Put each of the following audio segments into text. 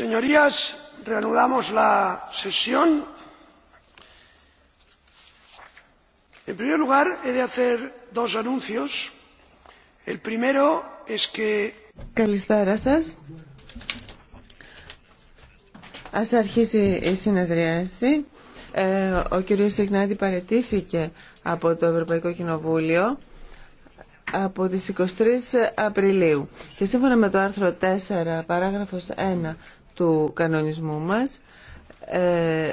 Señorías, reanudamos la sesión. En primer lugar, he de hacer dos anuncios. El primero es que... Καλησπέρα σας. Ας αρχίσει η συνεδρίαση. Ε, ο κύριος Σιγνάτη παρετήθηκε από το Ευρωπαϊκό Κοινοβούλιο από τις 23 Απριλίου και σύμφωνα με το άρθρο 4 παράγραφος 1 του κανονισμού μας ε,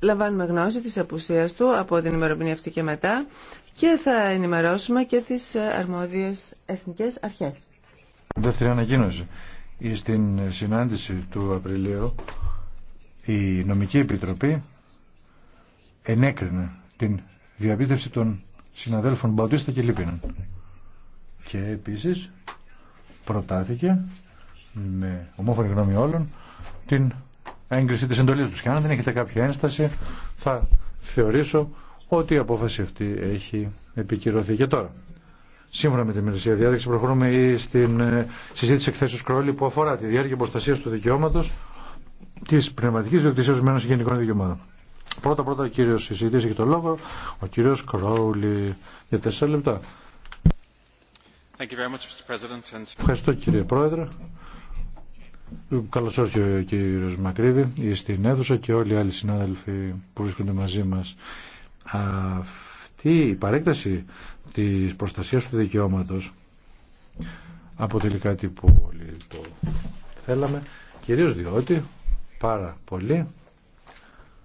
λαμβάνουμε γνώση της απουσίας του από την ημερομηνία αυτή και μετά και θα ενημερώσουμε και τις αρμόδιες εθνικές αρχές. Δεύτερη ανακοίνωση. Ε, στην συνάντηση του Απριλίου η Νομική Επιτροπή ενέκρινε την διαπίστευση των συναδέλφων Μπαουτίστα και Λίπινων. Και επίσης προτάθηκε με ομόφωνη γνώμη όλων την έγκριση της εντολής τους. Και αν δεν έχετε κάποια ένσταση θα θεωρήσω ότι η απόφαση αυτή έχει επικυρωθεί. Και τώρα, σύμφωνα με την μερισσία διάταξη, προχωρούμε στην ε, συζήτηση εκθέσεως Κρόλη που αφορά τη διάρκεια προστασία του δικαιώματος της πνευματικής με μένων συγγενικο δικαιωμάτων. Πρώτα πρώτα ο κύριος συζητής έχει το λόγο, ο κύριος Κρόλη για τέσσερα λεπτά. Thank Ευχαριστώ κύριε Πρόεδρε. Καλώ ή στην αίθουσα και ο κύριο Μακρύβη στην αίθουσα και όλοι οι άλλοι συνάδελφοι που βρίσκονται μαζί μα. Αυτή η παρέκταση τη προστασία του δικαιώματο αποτελεί κάτι που όλοι το θέλαμε, Κυρίω διότι πάρα πολύ.